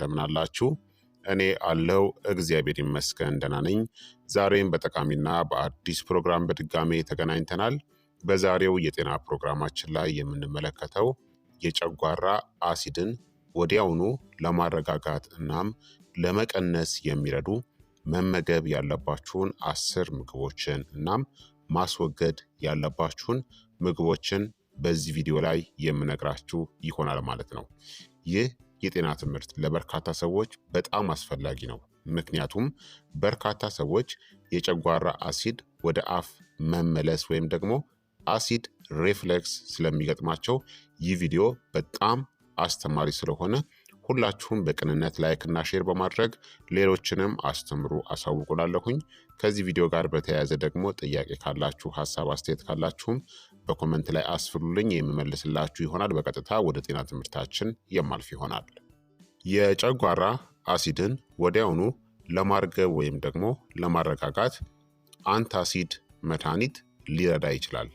እንደምን አላችሁ? እኔ አለው እግዚአብሔር ይመስገን ደህና ነኝ። ዛሬም በጠቃሚና በአዲስ ፕሮግራም በድጋሜ ተገናኝተናል። በዛሬው የጤና ፕሮግራማችን ላይ የምንመለከተው የጨጓራ አሲድን ወዲያውኑ ለማረጋጋት እናም ለመቀነስ የሚረዱ መመገብ ያለባችሁን አስር ምግቦችን እናም ማስወገድ ያለባችሁን ምግቦችን በዚህ ቪዲዮ ላይ የምነግራችሁ ይሆናል ማለት ነው። ይህ የጤና ትምህርት ለበርካታ ሰዎች በጣም አስፈላጊ ነው። ምክንያቱም በርካታ ሰዎች የጨጓራ አሲድ ወደ አፍ መመለስ ወይም ደግሞ አሲድ ሪፍሌክስ ስለሚገጥማቸው ይህ ቪዲዮ በጣም አስተማሪ ስለሆነ ሁላችሁም በቅንነት ላይክና ሼር በማድረግ ሌሎችንም አስተምሩ አሳውቁላለሁኝ። ከዚህ ቪዲዮ ጋር በተያያዘ ደግሞ ጥያቄ ካላችሁ ሀሳብ አስተያየት ካላችሁም በኮመንት ላይ አስፍሉልኝ የሚመልስላችሁ ይሆናል። በቀጥታ ወደ ጤና ትምህርታችን የማልፍ ይሆናል። የጨጓራ አሲድን ወዲያውኑ ለማርገብ ወይም ደግሞ ለማረጋጋት አንታሲድ መድኃኒት ሊረዳ ይችላል።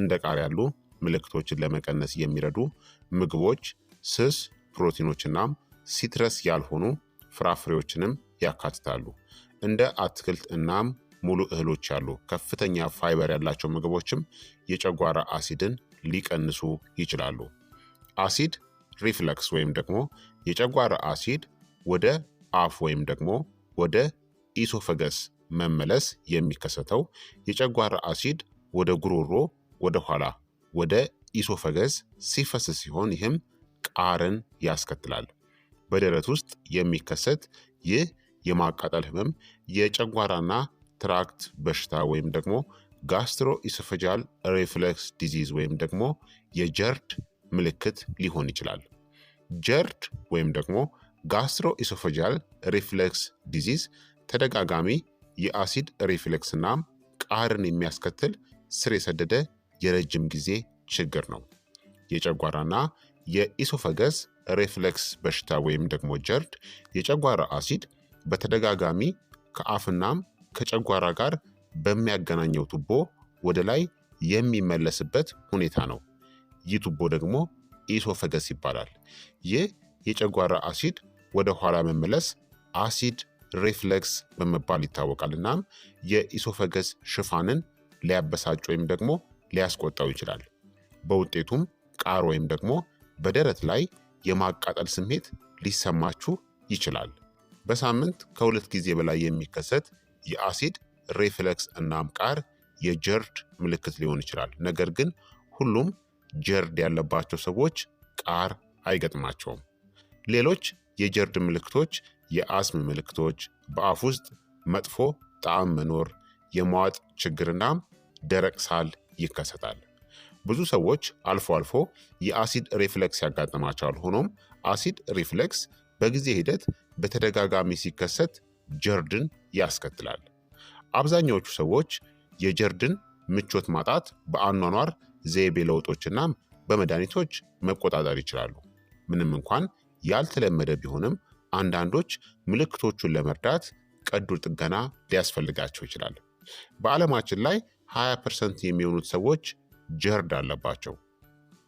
እንደ ቃር ያሉ ምልክቶችን ለመቀነስ የሚረዱ ምግቦች፣ ስስ ፕሮቲኖችናም ሲትረስ ያልሆኑ ፍራፍሬዎችንም ያካትታሉ። እንደ አትክልት እናም ሙሉ እህሎች ያሉ ከፍተኛ ፋይበር ያላቸው ምግቦችም የጨጓራ አሲድን ሊቀንሱ ይችላሉ። አሲድ ሪፍለክስ ወይም ደግሞ የጨጓራ አሲድ ወደ አፍ ወይም ደግሞ ወደ ኢሶፈገስ መመለስ የሚከሰተው የጨጓራ አሲድ ወደ ጉሮሮ ወደ ኋላ ወደ ኢሶፈገስ ሲፈስ ሲሆን ይህም ቃርን ያስከትላል። በደረት ውስጥ የሚከሰት ይህ የማቃጠል ህመም የጨጓራና ትራክት በሽታ ወይም ደግሞ ጋስትሮ ኢሶፌጃል ሬፍሌክስ ዲዚዝ ወይም ደግሞ የጀርድ ምልክት ሊሆን ይችላል። ጀርድ ወይም ደግሞ ጋስትሮ ኢሶፌጃል ሪፍሌክስ ዲዚዝ ተደጋጋሚ የአሲድ ሪፍሌክስ እናም ቃርን የሚያስከትል ስር የሰደደ የረጅም ጊዜ ችግር ነው። የጨጓራና የኢሶፈገስ ሬፍሌክስ በሽታ ወይም ደግሞ ጀርድ የጨጓራ አሲድ በተደጋጋሚ ከአፍናም ከጨጓራ ጋር በሚያገናኘው ቱቦ ወደ ላይ የሚመለስበት ሁኔታ ነው። ይህ ቱቦ ደግሞ ኢሶፈገስ ይባላል። ይህ የጨጓራ አሲድ ወደ ኋላ መመለስ አሲድ ሬፍሌክስ በመባል ይታወቃል። እናም የኢሶፈገስ ሽፋንን ሊያበሳጭ ወይም ደግሞ ሊያስቆጣው ይችላል። በውጤቱም ቃር ወይም ደግሞ በደረት ላይ የማቃጠል ስሜት ሊሰማችሁ ይችላል። በሳምንት ከሁለት ጊዜ በላይ የሚከሰት የአሲድ ሬፍለክስ እናም ቃር የጀርድ ምልክት ሊሆን ይችላል። ነገር ግን ሁሉም ጀርድ ያለባቸው ሰዎች ቃር አይገጥማቸውም። ሌሎች የጀርድ ምልክቶች የአስም ምልክቶች፣ በአፍ ውስጥ መጥፎ ጣዕም መኖር፣ የመዋጥ ችግርናም ደረቅ ሳል ይከሰታል። ብዙ ሰዎች አልፎ አልፎ የአሲድ ሪፍሌክስ ያጋጥማቸዋል። ሆኖም አሲድ ሪፍሌክስ በጊዜ ሂደት በተደጋጋሚ ሲከሰት ጀርድን ያስከትላል። አብዛኛዎቹ ሰዎች የጀርድን ምቾት ማጣት በአኗኗር ዘይቤ ለውጦችና በመድኃኒቶች መቆጣጠር ይችላሉ። ምንም እንኳን ያልተለመደ ቢሆንም አንዳንዶች ምልክቶቹን ለመርዳት ቀዶ ጥገና ሊያስፈልጋቸው ይችላል። በዓለማችን ላይ 20 ፐርሰንት የሚሆኑት ሰዎች ጀርድ አለባቸው።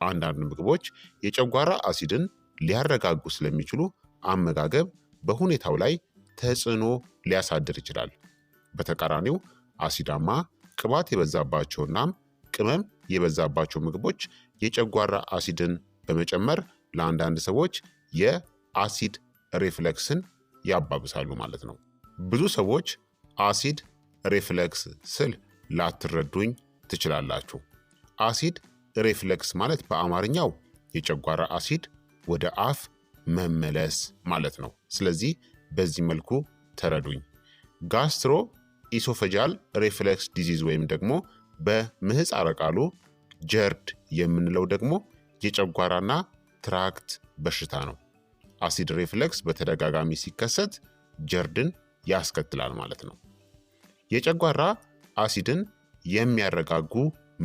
አንዳንድ ምግቦች የጨጓራ አሲድን ሊያረጋጉ ስለሚችሉ አመጋገብ በሁኔታው ላይ ተጽዕኖ ሊያሳድር ይችላል። በተቃራኒው አሲዳማ፣ ቅባት የበዛባቸው እናም ቅመም የበዛባቸው ምግቦች የጨጓራ አሲድን በመጨመር ለአንዳንድ ሰዎች የአሲድ ሪፍለክስን ያባብሳሉ ማለት ነው። ብዙ ሰዎች አሲድ ሪፍለክስ ስል ላትረዱኝ ትችላላችሁ። አሲድ ሬፍለክስ ማለት በአማርኛው የጨጓራ አሲድ ወደ አፍ መመለስ ማለት ነው። ስለዚህ በዚህ መልኩ ተረዱኝ። ጋስትሮ ኢሶፈጃል ሬፍለክስ ዲዚዝ ወይም ደግሞ በምህፃረ ቃሉ ጀርድ የምንለው ደግሞ የጨጓራና ትራክት በሽታ ነው። አሲድ ሪፍሌክስ በተደጋጋሚ ሲከሰት ጀርድን ያስከትላል ማለት ነው። የጨጓራ አሲድን የሚያረጋጉ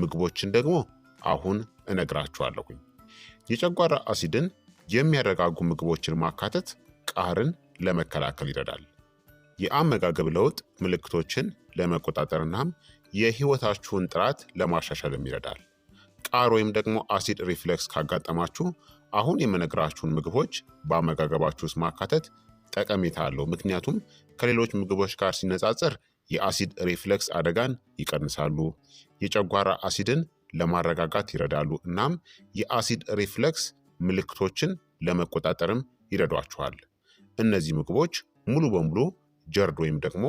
ምግቦችን ደግሞ አሁን እነግራችኋለሁኝ። የጨጓራ አሲድን የሚያረጋጉ ምግቦችን ማካተት ቃርን ለመከላከል ይረዳል። የአመጋገብ ለውጥ ምልክቶችን ለመቆጣጠር እናም የህይወታችሁን ጥራት ለማሻሻልም ይረዳል። ቃር ወይም ደግሞ አሲድ ሪፍሌክስ ካጋጠማችሁ አሁን የምነግራችሁን ምግቦች በአመጋገባችሁ ውስጥ ማካተት ጠቀሜታ አለው። ምክንያቱም ከሌሎች ምግቦች ጋር ሲነጻጸር የአሲድ ሪፍለክስ አደጋን ይቀንሳሉ። የጨጓራ አሲድን ለማረጋጋት ይረዳሉ። እናም የአሲድ ሪፍለክስ ምልክቶችን ለመቆጣጠርም ይረዷቸዋል። እነዚህ ምግቦች ሙሉ በሙሉ ጀርድ ወይም ደግሞ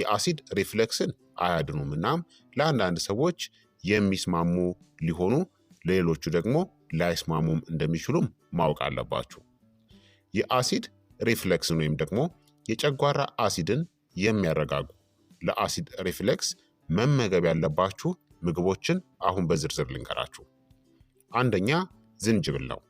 የአሲድ ሪፍለክስን አያድኑም። እናም ለአንዳንድ ሰዎች የሚስማሙ ሊሆኑ ለሌሎቹ ደግሞ ላይስማሙም እንደሚችሉም ማወቅ አለባችሁ። የአሲድ ሪፍለክስን ወይም ደግሞ የጨጓራ አሲድን የሚያረጋጉ ለአሲድ ሪፍሌክስ መመገብ ያለባችሁ ምግቦችን አሁን በዝርዝር ልንገራችሁ። አንደኛ ዝንጅብል ነው።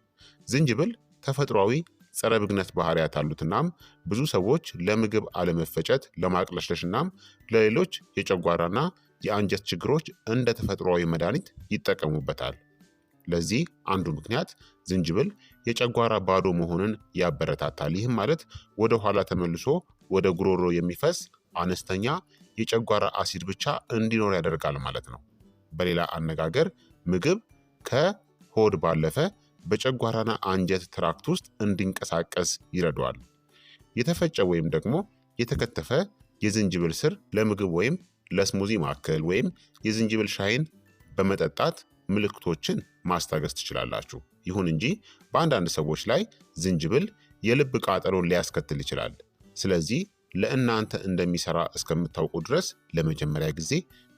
ዝንጅብል ተፈጥሯዊ ጸረ ብግነት ባህሪያት አሉት። እናም ብዙ ሰዎች ለምግብ አለመፈጨት፣ ለማቅለሽለሽ እናም ለሌሎች የጨጓራና የአንጀት ችግሮች እንደ ተፈጥሯዊ መድኃኒት ይጠቀሙበታል። ለዚህ አንዱ ምክንያት ዝንጅብል የጨጓራ ባዶ መሆንን ያበረታታል። ይህም ማለት ወደ ኋላ ተመልሶ ወደ ጉሮሮ የሚፈስ አነስተኛ የጨጓራ አሲድ ብቻ እንዲኖር ያደርጋል ማለት ነው። በሌላ አነጋገር ምግብ ከሆድ ባለፈ በጨጓራና አንጀት ትራክት ውስጥ እንዲንቀሳቀስ ይረዷል። የተፈጨ ወይም ደግሞ የተከተፈ የዝንጅብል ስር ለምግብ ወይም ለስሙዚ ማከል ወይም የዝንጅብል ሻይን በመጠጣት ምልክቶችን ማስታገስ ትችላላችሁ። ይሁን እንጂ በአንዳንድ ሰዎች ላይ ዝንጅብል የልብ ቃጠሎን ሊያስከትል ይችላል። ስለዚህ ለእናንተ እንደሚሰራ እስከምታውቁ ድረስ ለመጀመሪያ ጊዜ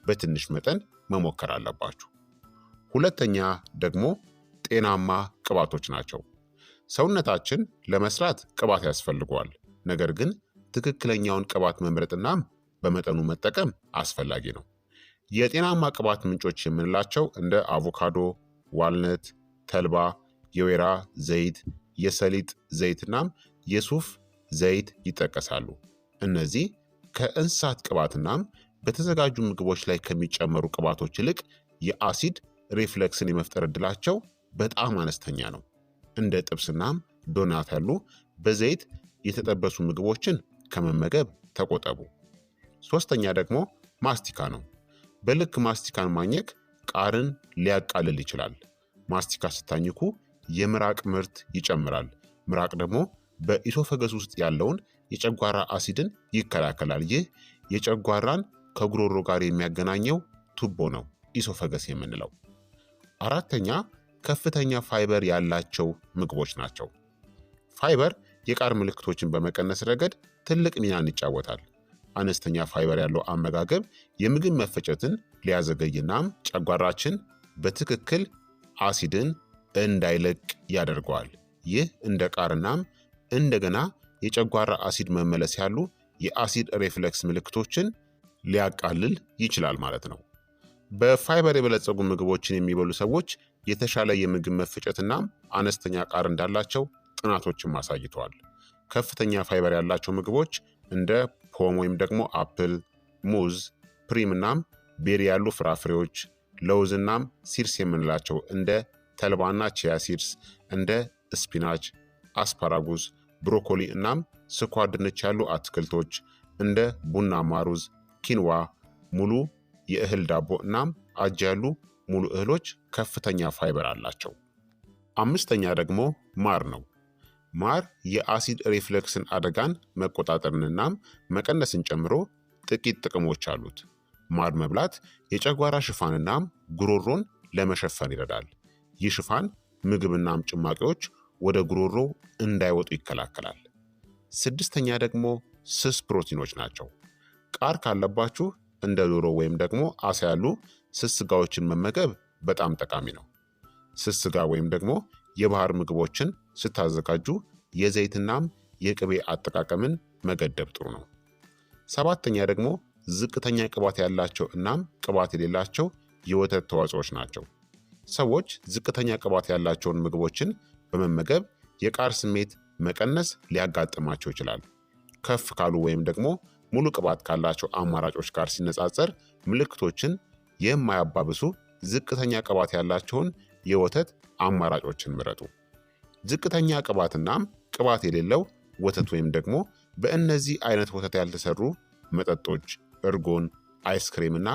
በትንሽ መጠን መሞከር አለባችሁ። ሁለተኛ ደግሞ ጤናማ ቅባቶች ናቸው። ሰውነታችን ለመስራት ቅባት ያስፈልገዋል። ነገር ግን ትክክለኛውን ቅባት መምረጥናም በመጠኑ መጠቀም አስፈላጊ ነው። የጤናማ ቅባት ምንጮች የምንላቸው እንደ አቮካዶ፣ ዋልነት፣ ተልባ፣ የወይራ ዘይት፣ የሰሊጥ ዘይትናም የሱፍ ዘይት ይጠቀሳሉ። እነዚህ ከእንስሳት ቅባትናም በተዘጋጁ ምግቦች ላይ ከሚጨመሩ ቅባቶች ይልቅ የአሲድ ሪፍለክስን የመፍጠር እድላቸው በጣም አነስተኛ ነው። እንደ ጥብስናም ዶናት ያሉ በዘይት የተጠበሱ ምግቦችን ከመመገብ ተቆጠቡ። ሶስተኛ ደግሞ ማስቲካ ነው። በልክ ማስቲካን ማኘክ ቃርን ሊያቃልል ይችላል። ማስቲካ ስታኝኩ የምራቅ ምርት ይጨምራል። ምራቅ ደግሞ በኢሶፈገስ ውስጥ ያለውን የጨጓራ አሲድን ይከላከላል። ይህ የጨጓራን ከጉሮሮ ጋር የሚያገናኘው ቱቦ ነው ኢሶፈገስ የምንለው። አራተኛ ከፍተኛ ፋይበር ያላቸው ምግቦች ናቸው። ፋይበር የቃር ምልክቶችን በመቀነስ ረገድ ትልቅ ሚናን ይጫወታል። አነስተኛ ፋይበር ያለው አመጋገብ የምግብ መፈጨትን ሊያዘገይናም ጨጓራችን በትክክል አሲድን እንዳይለቅ ያደርገዋል። ይህ እንደ ቃርናም እንደገና የጨጓራ አሲድ መመለስ ያሉ የአሲድ ሬፍሌክስ ምልክቶችን ሊያቃልል ይችላል ማለት ነው። በፋይበር የበለጸጉ ምግቦችን የሚበሉ ሰዎች የተሻለ የምግብ መፈጨትና አነስተኛ ቃር እንዳላቸው ጥናቶችም አሳይተዋል። ከፍተኛ ፋይበር ያላቸው ምግቦች እንደ ፖም ወይም ደግሞ አፕል፣ ሙዝ፣ ፕሪም እናም ቤሪ ያሉ ፍራፍሬዎች፣ ለውዝ እናም ሲርስ የምንላቸው እንደ ተልባና ቺያ ሲርስ፣ እንደ ስፒናች፣ አስፓራጉስ ብሮኮሊ እናም ስኳር ድንች ያሉ አትክልቶች እንደ ቡናማ ሩዝ፣ ኪንዋ፣ ሙሉ የእህል ዳቦ እናም አጅ ያሉ ሙሉ እህሎች ከፍተኛ ፋይበር አላቸው። አምስተኛ ደግሞ ማር ነው። ማር የአሲድ ሪፍሌክስን አደጋን መቆጣጠርንናም መቀነስን ጨምሮ ጥቂት ጥቅሞች አሉት። ማር መብላት የጨጓራ ሽፋንናም ጉሮሮን ለመሸፈን ይረዳል። ይህ ሽፋን ምግብናም ጭማቂዎች ወደ ጉሮሮ እንዳይወጡ ይከላከላል። ስድስተኛ ደግሞ ስስ ፕሮቲኖች ናቸው። ቃር ካለባችሁ እንደ ዶሮ ወይም ደግሞ አሳ ያሉ ስስ ስጋዎችን መመገብ በጣም ጠቃሚ ነው። ስስ ስጋ ወይም ደግሞ የባህር ምግቦችን ስታዘጋጁ የዘይትናም የቅቤ አጠቃቀምን መገደብ ጥሩ ነው። ሰባተኛ ደግሞ ዝቅተኛ ቅባት ያላቸው እናም ቅባት የሌላቸው የወተት ተዋጽኦች ናቸው። ሰዎች ዝቅተኛ ቅባት ያላቸውን ምግቦችን በመመገብ የቃር ስሜት መቀነስ ሊያጋጥማቸው ይችላል። ከፍ ካሉ ወይም ደግሞ ሙሉ ቅባት ካላቸው አማራጮች ጋር ሲነጻጸር ምልክቶችን የማያባብሱ ዝቅተኛ ቅባት ያላቸውን የወተት አማራጮችን ምረጡ። ዝቅተኛ ቅባትናም ቅባት የሌለው ወተት ወይም ደግሞ በእነዚህ አይነት ወተት ያልተሰሩ መጠጦች እርጎን፣ አይስክሬምና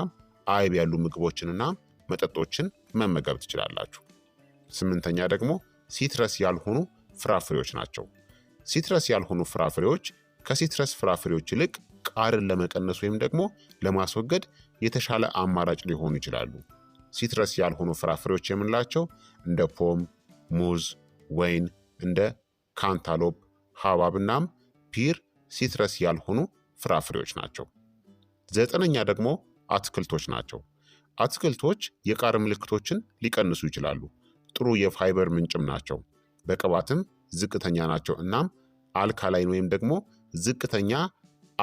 አይብ ያሉ ምግቦችንና መጠጦችን መመገብ ትችላላችሁ። ስምንተኛ ደግሞ ሲትረስ ያልሆኑ ፍራፍሬዎች ናቸው። ሲትረስ ያልሆኑ ፍራፍሬዎች ከሲትረስ ፍራፍሬዎች ይልቅ ቃርን ለመቀነስ ወይም ደግሞ ለማስወገድ የተሻለ አማራጭ ሊሆኑ ይችላሉ። ሲትረስ ያልሆኑ ፍራፍሬዎች የምንላቸው እንደ ፖም፣ ሙዝ፣ ወይን፣ እንደ ካንታሎፕ፣ ሐብሐብ እናም ፒር ሲትረስ ያልሆኑ ፍራፍሬዎች ናቸው። ዘጠነኛ ደግሞ አትክልቶች ናቸው። አትክልቶች የቃር ምልክቶችን ሊቀንሱ ይችላሉ። ጥሩ የፋይበር ምንጭም ናቸው። በቅባትም ዝቅተኛ ናቸው። እናም አልካላይን ወይም ደግሞ ዝቅተኛ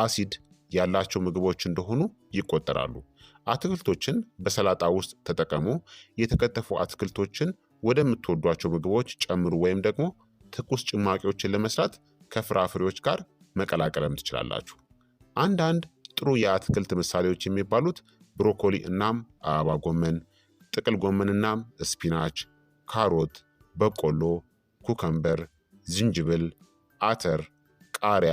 አሲድ ያላቸው ምግቦች እንደሆኑ ይቆጠራሉ። አትክልቶችን በሰላጣ ውስጥ ተጠቀሙ። የተከተፉ አትክልቶችን ወደምትወዷቸው ምግቦች ጨምሩ፣ ወይም ደግሞ ትኩስ ጭማቂዎችን ለመስራት ከፍራፍሬዎች ጋር መቀላቀልም ትችላላችሁ። አንዳንድ ጥሩ የአትክልት ምሳሌዎች የሚባሉት ብሮኮሊ እናም አበባ ጎመን፣ ጥቅል ጎመን እናም ስፒናች፣ ካሮት፣ በቆሎ፣ ኩከምበር፣ ዝንጅብል፣ አተር፣ ቃሪያ፣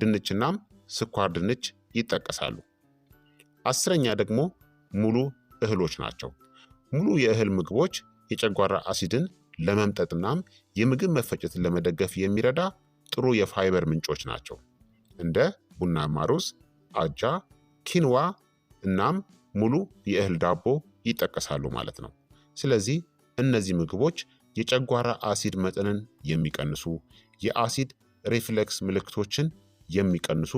ድንችናም ስኳር ድንች ይጠቀሳሉ። አስረኛ ደግሞ ሙሉ እህሎች ናቸው። ሙሉ የእህል ምግቦች የጨጓራ አሲድን ለመምጠጥናም የምግብ መፈጨትን ለመደገፍ የሚረዳ ጥሩ የፋይበር ምንጮች ናቸው። እንደ ቡናማ ሩዝ፣ አጃ፣ ኪንዋ እናም ሙሉ የእህል ዳቦ ይጠቀሳሉ ማለት ነው። ስለዚህ እነዚህ ምግቦች የጨጓራ አሲድ መጠንን የሚቀንሱ የአሲድ ሪፍሌክስ ምልክቶችን የሚቀንሱ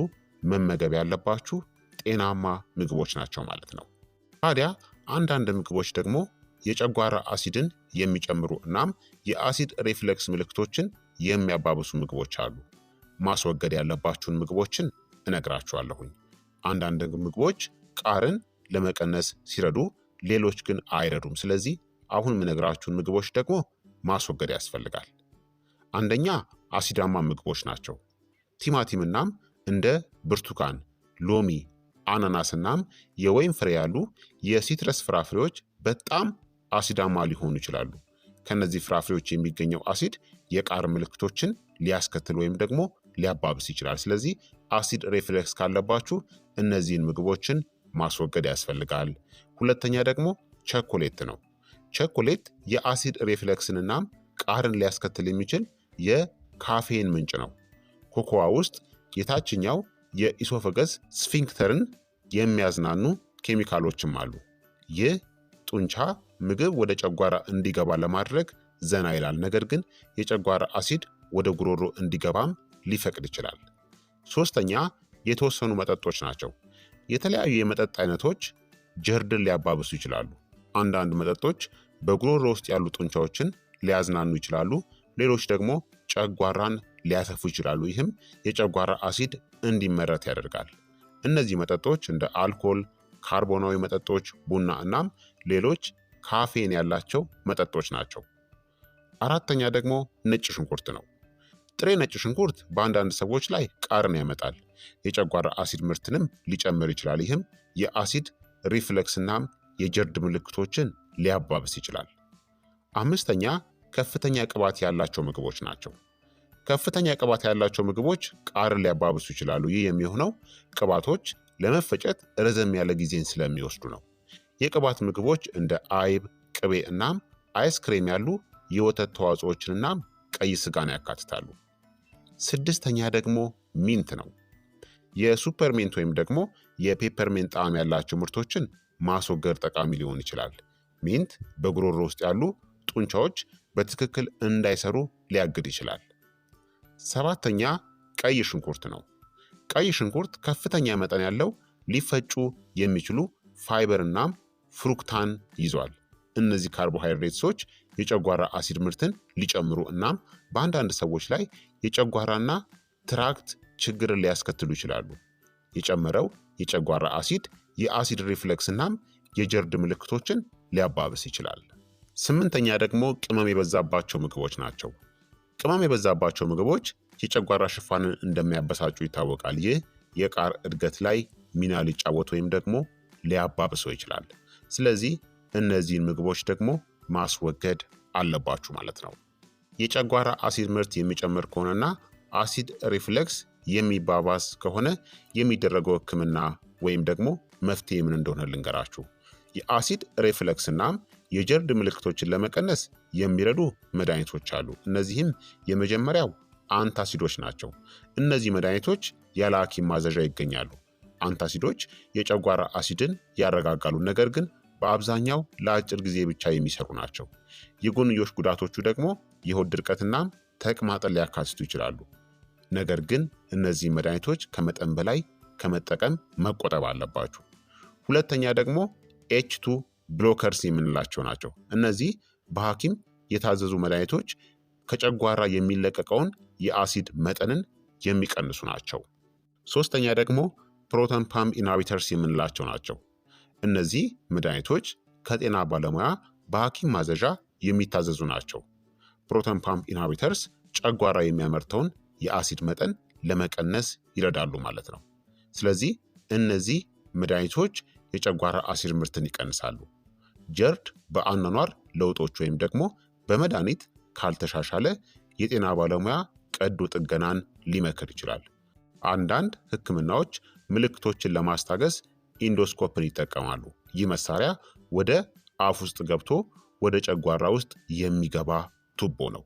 መመገብ ያለባችሁ ጤናማ ምግቦች ናቸው ማለት ነው። ታዲያ አንዳንድ ምግቦች ደግሞ የጨጓራ አሲድን የሚጨምሩ እናም የአሲድ ሪፍሌክስ ምልክቶችን የሚያባብሱ ምግቦች አሉ። ማስወገድ ያለባችሁን ምግቦችን እነግራችኋለሁኝ። አንዳንድ ምግቦች ቃርን ለመቀነስ ሲረዱ፣ ሌሎች ግን አይረዱም። ስለዚህ አሁን የምነግራችሁን ምግቦች ደግሞ ማስወገድ ያስፈልጋል። አንደኛ አሲዳማ ምግቦች ናቸው። ቲማቲምናም እንደ ብርቱካን፣ ሎሚ፣ አናናስናም የወይን ፍሬ ያሉ የሲትረስ ፍራፍሬዎች በጣም አሲዳማ ሊሆኑ ይችላሉ። ከነዚህ ፍራፍሬዎች የሚገኘው አሲድ የቃር ምልክቶችን ሊያስከትል ወይም ደግሞ ሊያባብስ ይችላል። ስለዚህ አሲድ ሬፍሌክስ ካለባችሁ እነዚህን ምግቦችን ማስወገድ ያስፈልጋል። ሁለተኛ ደግሞ ቸኮሌት ነው። ቸኮሌት የአሲድ ሪፍሌክስንና ቃርን ሊያስከትል የሚችል የካፌን ምንጭ ነው። ኮኮዋ ውስጥ የታችኛው የኢሶፈገስ ስፊንክተርን የሚያዝናኑ ኬሚካሎችም አሉ። ይህ ጡንቻ ምግብ ወደ ጨጓራ እንዲገባ ለማድረግ ዘና ይላል፣ ነገር ግን የጨጓራ አሲድ ወደ ጉሮሮ እንዲገባም ሊፈቅድ ይችላል። ሶስተኛ የተወሰኑ መጠጦች ናቸው። የተለያዩ የመጠጥ አይነቶች ጀርድን ሊያባብሱ ይችላሉ። አንዳንድ መጠጦች በጉሮሮ ውስጥ ያሉ ጡንቻዎችን ሊያዝናኑ ይችላሉ። ሌሎች ደግሞ ጨጓራን ሊያሰፉ ይችላሉ። ይህም የጨጓራ አሲድ እንዲመረት ያደርጋል። እነዚህ መጠጦች እንደ አልኮል፣ ካርቦናዊ መጠጦች፣ ቡና እናም ሌሎች ካፌን ያላቸው መጠጦች ናቸው። አራተኛ ደግሞ ነጭ ሽንኩርት ነው። ጥሬ ነጭ ሽንኩርት በአንዳንድ ሰዎች ላይ ቃርን ያመጣል። የጨጓራ አሲድ ምርትንም ሊጨምር ይችላል። ይህም የአሲድ ናም። የጀርድ ምልክቶችን ሊያባብስ ይችላል። አምስተኛ ከፍተኛ ቅባት ያላቸው ምግቦች ናቸው። ከፍተኛ ቅባት ያላቸው ምግቦች ቃርን ሊያባብሱ ይችላሉ። ይህ የሚሆነው ቅባቶች ለመፈጨት ረዘም ያለ ጊዜን ስለሚወስዱ ነው። የቅባት ምግቦች እንደ አይብ፣ ቅቤ እናም አይስክሬም ያሉ የወተት ተዋጽኦዎችን እናም ቀይ ስጋን ያካትታሉ። ስድስተኛ ደግሞ ሚንት ነው። የሱፐርሜንት ወይም ደግሞ የፔፐርሜንት ጣዕም ያላቸው ምርቶችን ማስወገድ ጠቃሚ ሊሆን ይችላል። ሚንት በጉሮሮ ውስጥ ያሉ ጡንቻዎች በትክክል እንዳይሰሩ ሊያግድ ይችላል። ሰባተኛ ቀይ ሽንኩርት ነው። ቀይ ሽንኩርት ከፍተኛ መጠን ያለው ሊፈጩ የሚችሉ ፋይበር እናም ፍሩክታን ይዟል። እነዚህ ካርቦሃይድሬትሶች የጨጓራ አሲድ ምርትን ሊጨምሩ እናም በአንዳንድ ሰዎች ላይ የጨጓራና ትራክት ችግርን ሊያስከትሉ ይችላሉ። የጨመረው የጨጓራ አሲድ የአሲድ ሪፍለክስ እናም የጀርድ ምልክቶችን ሊያባብስ ይችላል። ስምንተኛ ደግሞ ቅመም የበዛባቸው ምግቦች ናቸው። ቅመም የበዛባቸው ምግቦች የጨጓራ ሽፋንን እንደሚያበሳጩ ይታወቃል። ይህ የቃር እድገት ላይ ሚና ሊጫወት ወይም ደግሞ ሊያባብሰው ይችላል። ስለዚህ እነዚህን ምግቦች ደግሞ ማስወገድ አለባችሁ ማለት ነው። የጨጓራ አሲድ ምርት የሚጨምር ከሆነና አሲድ ሪፍሌክስ የሚባባስ ከሆነ የሚደረገው ህክምና ወይም ደግሞ መፍትሄ ምን እንደሆነ ልንገራችሁ። የአሲድ ሬፍለክስ እናም የጀርድ ምልክቶችን ለመቀነስ የሚረዱ መድኃኒቶች አሉ። እነዚህም የመጀመሪያው አንታሲዶች ናቸው። እነዚህ መድኃኒቶች ያለ ሐኪም ማዘዣ ይገኛሉ። አንታሲዶች የጨጓራ አሲድን ያረጋጋሉ፣ ነገር ግን በአብዛኛው ለአጭር ጊዜ ብቻ የሚሰሩ ናቸው። የጎንዮሽ ጉዳቶቹ ደግሞ የሆድ ድርቀትናም ተቅማጥን ሊያካትቱ ይችላሉ። ነገር ግን እነዚህ መድኃኒቶች ከመጠን በላይ ከመጠቀም መቆጠብ አለባችሁ። ሁለተኛ ደግሞ ኤች ቱ ብሎከርስ የምንላቸው ናቸው። እነዚህ በሐኪም የታዘዙ መድኃኒቶች ከጨጓራ የሚለቀቀውን የአሲድ መጠንን የሚቀንሱ ናቸው። ሶስተኛ ደግሞ ፕሮተን ፓምፕ ኢንሃቢተርስ የምንላቸው ናቸው። እነዚህ መድኃኒቶች ከጤና ባለሙያ በሐኪም ማዘዣ የሚታዘዙ ናቸው። ፕሮተን ፓምፕ ኢንሃቢተርስ ጨጓራ የሚያመርተውን የአሲድ መጠን ለመቀነስ ይረዳሉ ማለት ነው። ስለዚህ እነዚህ መድኃኒቶች የጨጓራ አሲድ ምርትን ይቀንሳሉ። ጀርድ በአኗኗር ለውጦች ወይም ደግሞ በመድኃኒት ካልተሻሻለ የጤና ባለሙያ ቀዶ ጥገናን ሊመክር ይችላል። አንዳንድ ህክምናዎች ምልክቶችን ለማስታገስ ኢንዶስኮፕን ይጠቀማሉ። ይህ መሳሪያ ወደ አፍ ውስጥ ገብቶ ወደ ጨጓራ ውስጥ የሚገባ ቱቦ ነው።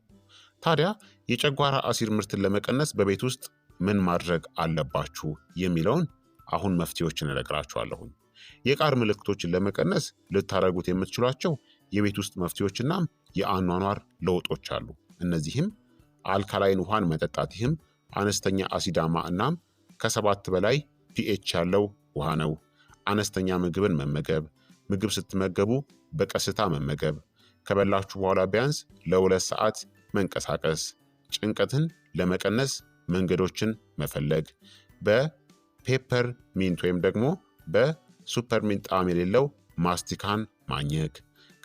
ታዲያ የጨጓራ አሲድ ምርትን ለመቀነስ በቤት ውስጥ ምን ማድረግ አለባችሁ የሚለውን አሁን መፍትሄዎችን እነግራችኋለሁኝ። የቃር ምልክቶችን ለመቀነስ ልታደርጉት የምትችሏቸው የቤት ውስጥ መፍትሄዎች የአኗኗር ለውጦች አሉ። እነዚህም አልካላይን ውሃን መጠጣት፣ ይህም አነስተኛ አሲዳማ እናም ከሰባት በላይ ፒኤች ያለው ውሃ ነው። አነስተኛ ምግብን መመገብ፣ ምግብ ስትመገቡ በቀስታ መመገብ፣ ከበላችሁ በኋላ ቢያንስ ለሁለት ሰዓት መንቀሳቀስ፣ ጭንቀትን ለመቀነስ መንገዶችን መፈለግ፣ በፔፐር ሚንት ወይም ደግሞ በሱፐር ሚንት ጣዕም የሌለው ማስቲካን ማኘክ፣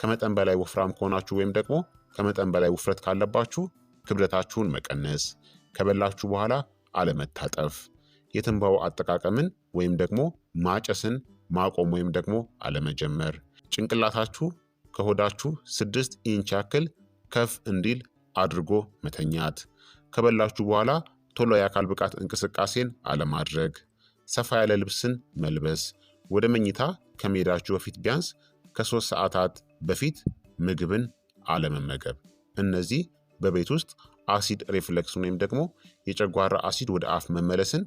ከመጠን በላይ ወፍራም ከሆናችሁ ወይም ደግሞ ከመጠን በላይ ውፍረት ካለባችሁ ክብደታችሁን መቀነስ፣ ከበላችሁ በኋላ አለመታጠፍ፣ የትንባው አጠቃቀምን ወይም ደግሞ ማጨስን ማቆም ወይም ደግሞ አለመጀመር፣ ጭንቅላታችሁ ከሆዳችሁ ስድስት ኢንች ያክል ከፍ እንዲል አድርጎ መተኛት፣ ከበላችሁ በኋላ ቶሎ የአካል ብቃት እንቅስቃሴን አለማድረግ፣ ሰፋ ያለ ልብስን መልበስ፣ ወደ መኝታ ከመሄዳችሁ በፊት ቢያንስ ከሶስት ሰዓታት በፊት ምግብን አለመመገብ። እነዚህ በቤት ውስጥ አሲድ ሪፍሌክስን ወይም ደግሞ የጨጓራ አሲድ ወደ አፍ መመለስን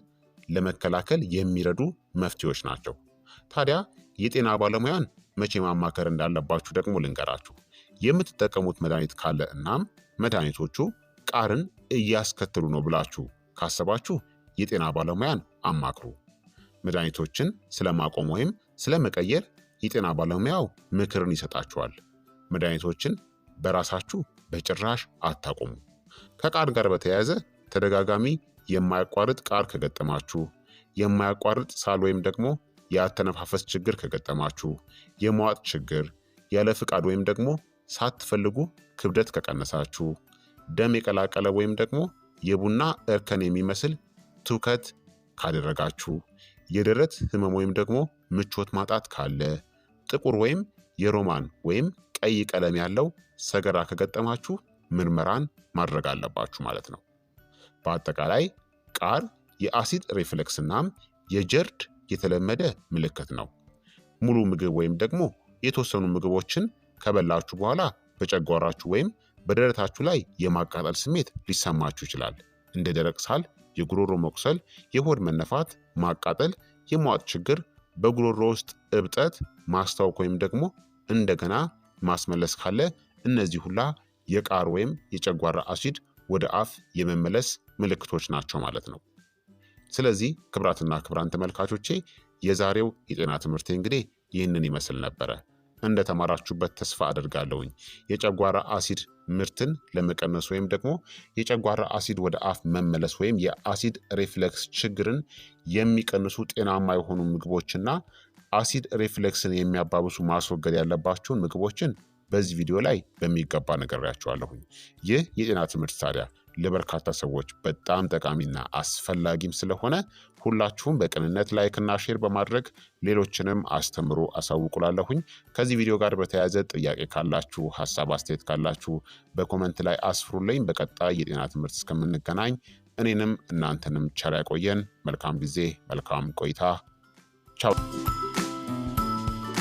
ለመከላከል የሚረዱ መፍትሄዎች ናቸው። ታዲያ የጤና ባለሙያን መቼ ማማከር እንዳለባችሁ ደግሞ ልንገራችሁ። የምትጠቀሙት መድኃኒት ካለ እናም መድኃኒቶቹ ቃርን እያስከተሉ ነው ብላችሁ ካሰባችሁ የጤና ባለሙያን አማክሩ። መድኃኒቶችን ስለማቆም ወይም ስለመቀየር የጤና ባለሙያው ምክርን ይሰጣችኋል። መድኃኒቶችን በራሳችሁ በጭራሽ አታቆሙ። ከቃር ጋር በተያያዘ ተደጋጋሚ የማያቋርጥ ቃር ከገጠማችሁ፣ የማያቋርጥ ሳል ወይም ደግሞ የአተነፋፈስ ችግር ከገጠማችሁ፣ የመዋጥ ችግር፣ ያለ ፍቃድ ወይም ደግሞ ሳትፈልጉ ክብደት ከቀነሳችሁ፣ ደም የቀላቀለ ወይም ደግሞ የቡና እርከን የሚመስል ትውከት ካደረጋችሁ፣ የደረት ህመም ወይም ደግሞ ምቾት ማጣት ካለ፣ ጥቁር ወይም የሮማን ወይም ቀይ ቀለም ያለው ሰገራ ከገጠማችሁ ምርመራን ማድረግ አለባችሁ ማለት ነው። በአጠቃላይ ቃር የአሲድ ሪፍሌክስ እናም የጀርድ የተለመደ ምልክት ነው። ሙሉ ምግብ ወይም ደግሞ የተወሰኑ ምግቦችን ከበላችሁ በኋላ በጨጓራችሁ ወይም በደረታችሁ ላይ የማቃጠል ስሜት ሊሰማችሁ ይችላል። እንደ ደረቅ ሳል፣ የጉሮሮ መቁሰል፣ የሆድ መነፋት፣ ማቃጠል፣ የመዋጥ ችግር፣ በጉሮሮ ውስጥ እብጠት፣ ማስታወክ ወይም ደግሞ እንደገና ማስመለስ ካለ እነዚህ ሁላ የቃር ወይም የጨጓራ አሲድ ወደ አፍ የመመለስ ምልክቶች ናቸው ማለት ነው። ስለዚህ ክብራትና ክብራን ተመልካቾቼ የዛሬው የጤና ትምህርት እንግዲህ ይህንን ይመስል ነበረ። እንደተማራችሁበት ተስፋ አደርጋለሁኝ። የጨጓራ አሲድ ምርትን ለመቀነስ ወይም ደግሞ የጨጓራ አሲድ ወደ አፍ መመለስ ወይም የአሲድ ሪፍሌክስ ችግርን የሚቀንሱ ጤናማ የሆኑ ምግቦችና አሲድ ሪፍሌክስን የሚያባብሱ ማስወገድ ያለባቸውን ምግቦችን በዚህ ቪዲዮ ላይ በሚገባ ነግሬያችኋለሁኝ። ይህ የጤና ትምህርት ታዲያ ለበርካታ ሰዎች በጣም ጠቃሚና አስፈላጊም ስለሆነ ሁላችሁም በቅንነት ላይክና ሼር በማድረግ ሌሎችንም አስተምሮ አሳውቁላለሁኝ። ከዚህ ቪዲዮ ጋር በተያያዘ ጥያቄ ካላችሁ፣ ሀሳብ አስተያየት ካላችሁ በኮመንት ላይ አስፍሩልኝ። በቀጣይ የጤና ትምህርት እስከምንገናኝ እኔንም እናንተንም ቸር ያቆየን። መልካም ጊዜ፣ መልካም ቆይታ። ቻው